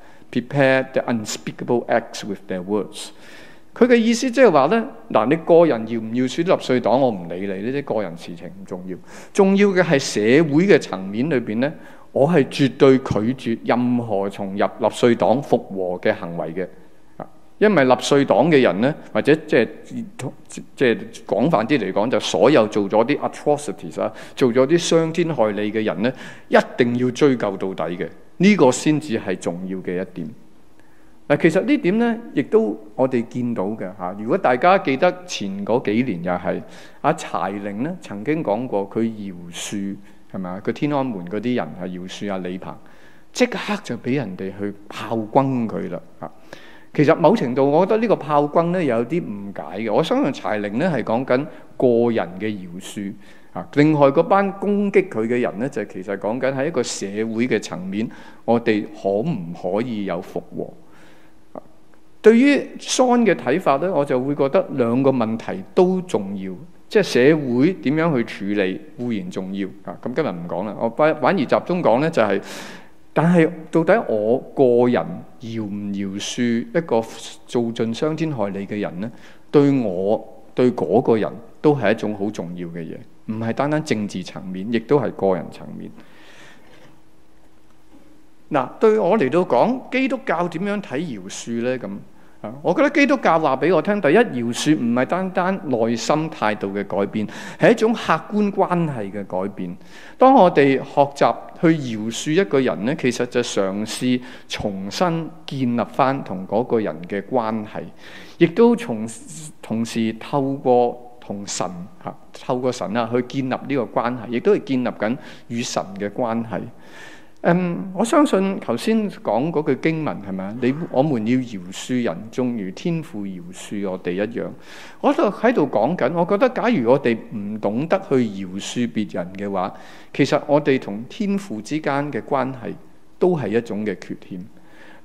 Speaker 2: Prepare the unspeakable acts with their words。佢嘅意思即係話呢，嗱，你個人要唔要選納粹黨，我唔理你，呢啲個人事情唔重要。重要嘅係社會嘅層面裏邊呢。我係絕對拒絕任何從入納粹黨复和嘅行為嘅。因為納粹黨嘅人呢，或者即係即係廣泛啲嚟講，就所有做咗啲 atrocities 啊，做咗啲傷天害理嘅人呢，一定要追究到底嘅。呢個先至係重要嘅一點。嗱，其實呢點呢，亦都我哋見到嘅嚇。如果大家記得前嗰幾年又係阿柴玲咧曾經講過佢饒恕係咪啊？佢天安門嗰啲人係饒恕阿李鵬，即刻就俾人哋去炮轟佢啦嚇。其實某程度，我覺得呢個炮轟呢，有啲誤解嘅。我相信柴玲呢，係講緊個人嘅饒恕。啊！另外嗰班攻擊佢嘅人呢，就其實講緊喺一個社會嘅層面，我哋可唔可以有復和？對於 Sun 嘅睇法呢，我就會覺得兩個問題都重要，即係社會點樣去處理固然重要啊。咁今日唔講啦，我反反而集中講呢，就係，但係到底我個人饒唔饒恕一個做盡傷天害理嘅人呢？對我對嗰個人都係一種好重要嘅嘢。唔係單單政治層面，亦都係個人層面。嗱，對我嚟到講，基督教點樣睇饒恕呢？咁，我覺得基督教話俾我聽，第一，饒恕唔係單單內心態度嘅改變，係一種客觀關係嘅改變。當我哋學習去饒恕一個人呢，其實就嘗試重新建立翻同嗰個人嘅關係，亦都從同時透過。同神吓，透過神啊去建立呢個關係，亦都係建立緊與神嘅關係。嗯，我相信頭先講嗰句經文係咪啊？你我們要饒恕人，正如天父饒恕我哋一樣。我就喺度講緊，我覺得假如我哋唔懂得去饒恕別人嘅話，其實我哋同天父之間嘅關係都係一種嘅缺陷。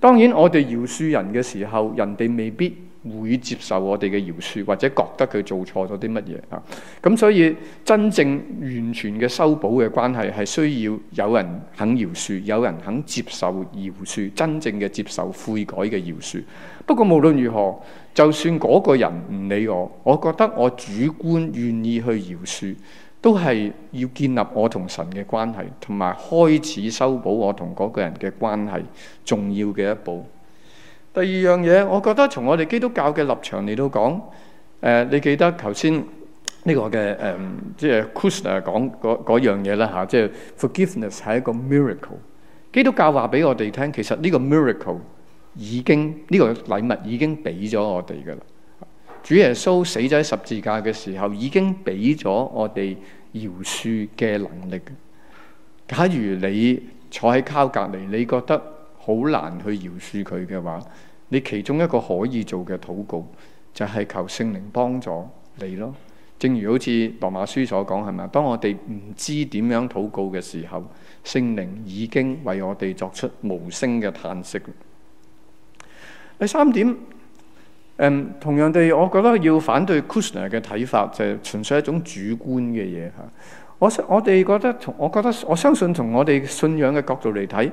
Speaker 2: 當然，我哋饒恕人嘅時候，人哋未必。會接受我哋嘅饒恕，或者覺得佢做錯咗啲乜嘢啊？咁、嗯、所以真正完全嘅修補嘅關係係需要有人肯饒恕，有人肯接受饒恕，真正嘅接受悔改嘅饒恕。不過無論如何，就算嗰個人唔理我，我覺得我主觀願意去饒恕，都係要建立我同神嘅關係，同埋開始修補我同嗰個人嘅關係，重要嘅一步。第二樣嘢，我覺得從我哋基督教嘅立場嚟到講，誒、呃，你記得頭先呢個嘅誒，即、呃、係、就是、Kushner 講嗰樣嘢啦嚇，即係、啊就是、forgiveness 係一個 miracle。基督教話俾我哋聽，其實呢個 miracle 已經呢、這個禮物已經俾咗我哋噶啦。主耶穌死咗喺十字架嘅時候，已經俾咗我哋饒恕嘅能力。假如你坐喺靠隔籬，你覺得好難去饒恕佢嘅話，你其中一個可以做嘅禱告，就係、是、求聖靈幫助你咯。正如好似羅馬書所講，係咪啊？當我哋唔知點樣禱告嘅時候，聖靈已經為我哋作出無聲嘅嘆息。第三點，誒、嗯、同樣地，我覺得要反對 Kushner 嘅睇法，就係、是、純粹一種主觀嘅嘢吓。我我哋覺得，同我覺得我相信，從我哋信仰嘅角度嚟睇。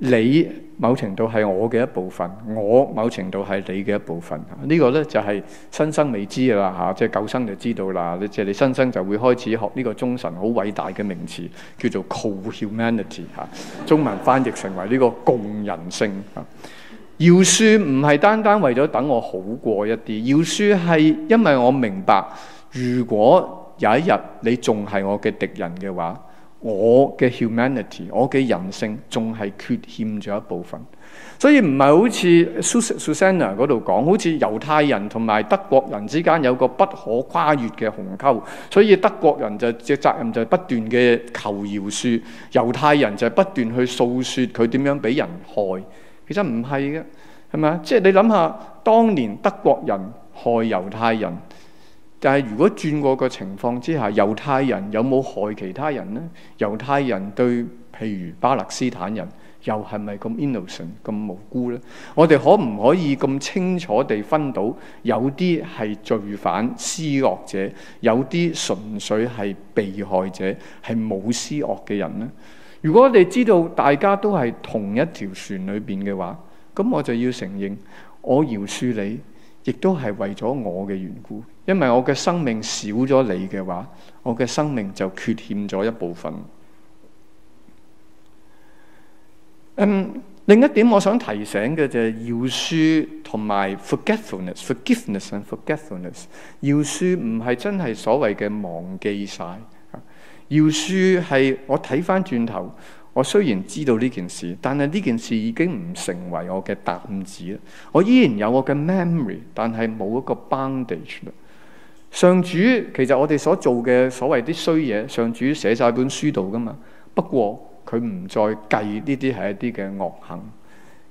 Speaker 2: 你某程度係我嘅一部分，我某程度係你嘅一部分。這個、呢個咧就係、是、新生未知啊啦嚇，即係舊生就知道啦。即係你新生就會開始學呢個中神」好偉大嘅名詞，叫做 Co-Humanity 嚇、啊。中文翻譯成為呢個共人性嚇。饒恕唔係單單為咗等我好過一啲，饒恕係因為我明白，如果有一日你仲係我嘅敵人嘅話。我嘅 humanity，我嘅人性仲係缺陷咗一部分，所以唔係好似 Susanna 嗰度講好似猶太人同埋德國人之間有個不可跨越嘅鴻溝，所以德國人就只責任就係不斷嘅求饒恕，猶太人就係不斷去訴說佢點樣俾人害，其實唔係嘅，係咪？即係你諗下，當年德國人害猶太人。但係，如果轉過個情況之下，猶太人有冇害其他人呢？猶太人對譬如巴勒斯坦人，又係咪咁 innocent 咁無辜呢？我哋可唔可以咁清楚地分到有啲係罪犯、施惡者，有啲純粹係被害者，係冇施惡嘅人呢？如果我哋知道大家都係同一條船裏邊嘅話，咁我就要承認，我饒恕你，亦都係為咗我嘅緣故。因為我嘅生命少咗你嘅話，我嘅生命就缺欠咗一部分。Um, 另一點我想提醒嘅就係饒恕同埋 forgetfulness，forgiveness and forgetfulness。饒恕唔係真係所謂嘅忘記晒，饒恕係我睇翻轉頭。我雖然知道呢件事，但係呢件事已經唔成為我嘅擔子啦。我依然有我嘅 memory，但係冇一個 bondage 上主，其實我哋所做嘅所謂啲衰嘢，上主寫晒本書度噶嘛。不過佢唔再計呢啲係一啲嘅惡行。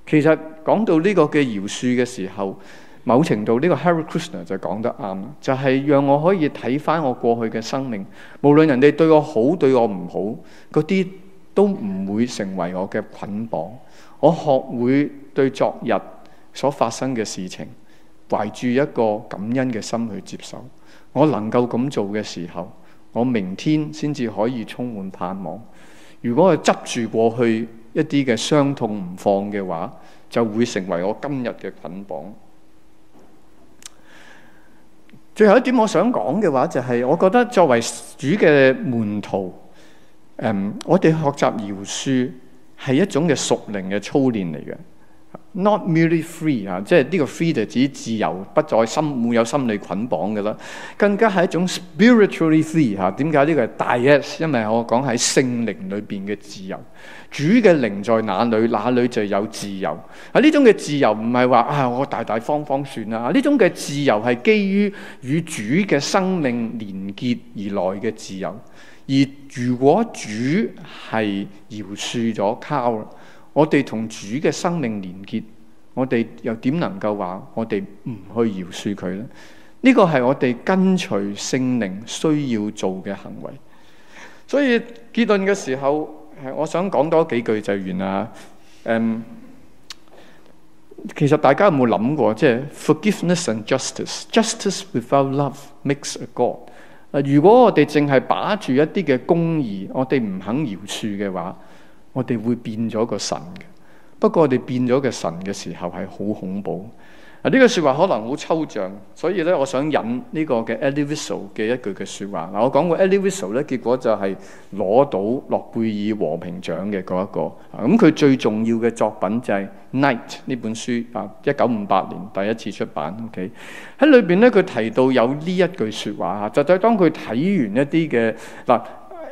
Speaker 2: 其實講到呢個嘅饒恕嘅時候，某程度呢、這個 Harry Kushner 就講得啱就係、是、讓我可以睇翻我過去嘅生命，無論人哋對我好對我唔好，嗰啲都唔會成為我嘅捆綁。我學會對昨日所發生嘅事情，懷住一個感恩嘅心去接受。我能夠咁做嘅時候，我明天先至可以充滿盼望。如果我執住過去一啲嘅傷痛唔放嘅話，就會成為我今日嘅捆綁。最後一點我想講嘅話、就是，就係我覺得作為主嘅門徒，嗯、我哋學習饒恕係一種嘅屬靈嘅操練嚟嘅。Not merely free 吓，啊，即係呢個 free 就指自由，不再心沒有心理捆綁嘅啦，更加係一種 spiritually free 吓，啊。點解呢個係大 S？因為我講喺聖靈裏邊嘅自由，主嘅靈在哪裏，哪裏就有自由。喺，啊，呢種嘅自由唔係話啊我大大方方算啦，呢，啊，種嘅自由係基於與主嘅生命連結而來嘅自由。而如果主係饒恕咗，靠啦。我哋同主嘅生命連結，我哋又點能夠話我哋唔去饒恕佢呢？呢、呢個係我哋跟隨聖靈需要做嘅行為。所以結論嘅時候，我想講多幾句就完啦。嗯、um，其實大家有冇諗過，即係 forgiveness and justice，justice justice without love makes a god。如果我哋淨係把住一啲嘅公義，我哋唔肯饒恕嘅話，我哋會變咗個神嘅，不過我哋變咗嘅神嘅時候係好恐怖。啊呢、這個說話可能好抽象，所以咧我想引呢個嘅 a d e l v i s t l e 嘅一句嘅說話。嗱、啊、我講過 a d e l v i s t l e 咧，結果就係攞到諾貝爾和平獎嘅嗰一個。啊咁佢、嗯、最重要嘅作品就係、是《Night》呢本書。啊一九五八年第一次出版。OK 喺裏邊咧佢提到有呢一句說話就就啊，就在當佢睇完一啲嘅嗱。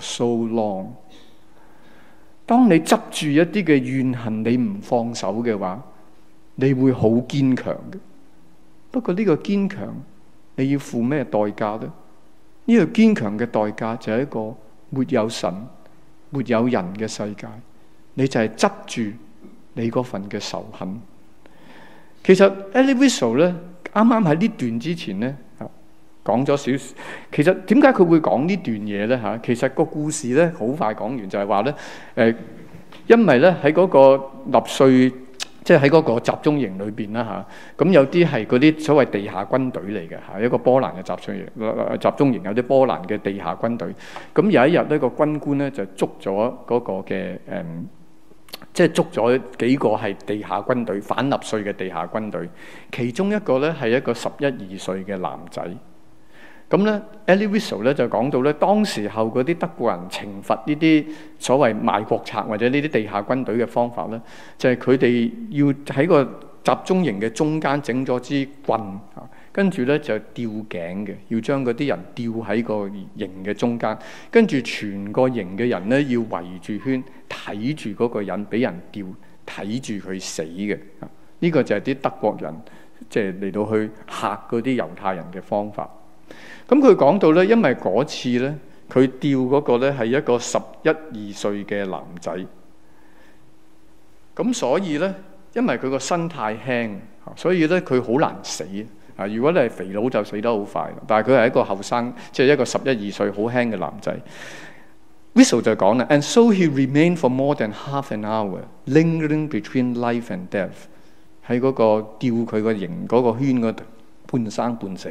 Speaker 2: so long，當你執住一啲嘅怨恨，你唔放手嘅話，你會好堅強嘅。不過呢個堅強，你要付咩代價咧？呢個堅強嘅代價就係一個沒有神，沒有人嘅世界。你就係執住你嗰份嘅仇恨。其實 Elie Wiesel 咧，啱啱喺呢段之前咧，講咗少，少，其實點解佢會講段呢段嘢呢？嚇，其實個故事呢，好快講完就，就係話呢，誒，因為呢，喺嗰個納粹，即係喺嗰個集中營裏邊啦嚇，咁、啊、有啲係嗰啲所謂地下軍隊嚟嘅嚇，一個波蘭嘅集中營，呃、集中營有啲波蘭嘅地下軍隊。咁有一日呢、嗰個軍官呢，就捉咗嗰個嘅誒，即、嗯、係、就係、捉咗幾個係地下軍隊反納粹嘅地下軍隊，其中一個呢，係一個十一二歲嘅男仔。咁咧，Elie Wiesel 咧就講到咧，當時候嗰啲德國人懲罰呢啲所謂賣國賊或者呢啲地下軍隊嘅方法咧，就係佢哋要喺個集中營嘅中間整咗支棍，啊、跟住咧就吊頸嘅，要將嗰啲人吊喺個營嘅中間，跟住全個營嘅人咧要圍住圈睇住嗰個人俾人吊，睇住佢死嘅。呢、啊呢個就係啲德國人即係嚟到去嚇嗰啲猶太人嘅方法。咁佢講到咧，因為嗰次咧，佢吊嗰個咧係一個十一二歲嘅男仔，咁所以咧，因為佢個身太輕，所以咧佢好難死啊！如果你係肥佬，就死得好快。但係佢係一個後生，即係一個十一二歲好輕嘅男仔。Wiesel 就講啦，and so he remained for more than half an hour, lingering between life and death，喺嗰個吊佢個刑嗰個圈嗰度，半生半死。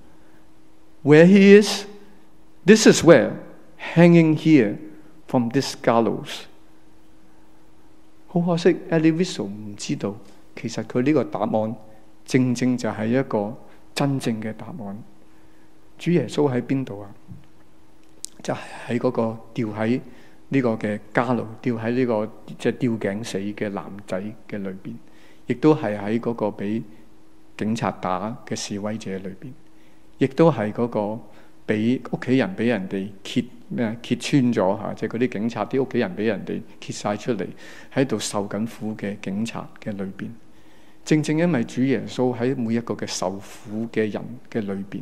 Speaker 2: Where he is, this is where hanging here from this gallows 好可惜 Eli Wiesel 唔知道其實佢呢個答案正正就係一個真正嘅答案主耶穌喺邊度啊就係、是、喺個吊喺呢個嘅 gallow 吊喺呢、這個即係、就是、吊頸死嘅男仔嘅裏邊亦都係喺個俾警察打嘅示威者裏邊亦都係嗰個俾屋企人俾人哋揭咩揭穿咗吓，啊，即係嗰啲警察啲屋企人俾人哋揭晒出嚟，喺度受緊苦嘅警察嘅裏邊。正正因為主耶穌喺每一個嘅受苦嘅人嘅裏邊，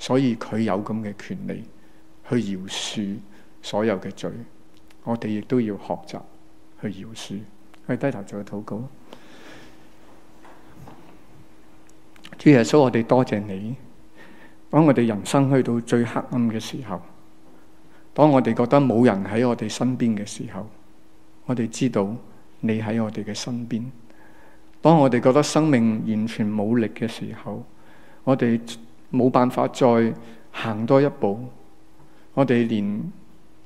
Speaker 2: 所以佢有咁嘅權利去饒恕所有嘅罪。我哋亦都要學習去饒恕，去，嗯，低頭做禱告。主耶穌，我哋多謝你。當我哋人生去到最黑暗嘅時候，當我哋覺得冇人喺我哋身邊嘅時候，我哋知道你喺我哋嘅身邊。當我哋覺得生命完全冇力嘅時候，我哋冇辦法再行多一步。我哋連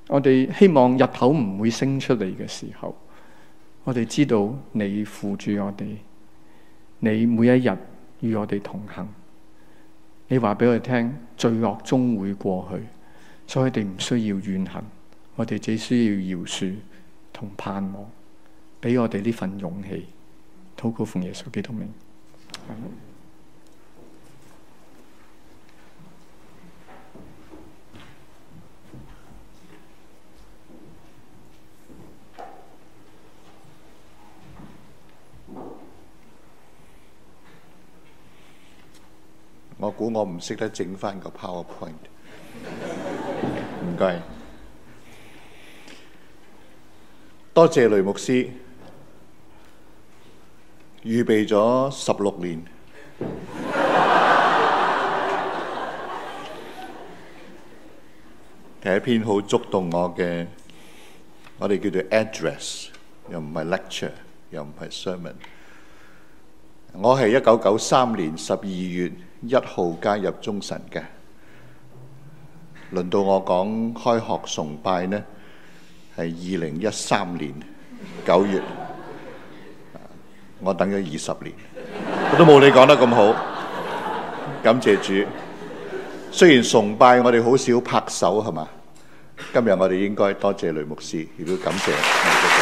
Speaker 2: 我哋希望日頭唔會升出嚟嘅時候，我哋知道你扶住我哋，你每一日與我哋同行。你話俾我哋聽，罪惡終會過去，所以我哋唔需要怨恨，我哋只需要饒恕同盼望，俾我哋呢份勇氣，禱告奉耶穌基督名。
Speaker 1: 估我唔識得整翻個 PowerPoint，唔該，多謝雷牧師，預備咗十六年，係一篇好觸動我嘅，我哋叫做 address，又唔係 lecture，又唔係 sermon。我係一九九三年十二月一號加入中神嘅，輪到我講開學崇拜呢，係二零一三年九月，我等咗二十年，我都冇你講得咁好，感謝主，雖然崇拜我哋好少拍手係嘛？今日我哋應該多謝雷牧師，亦都感謝。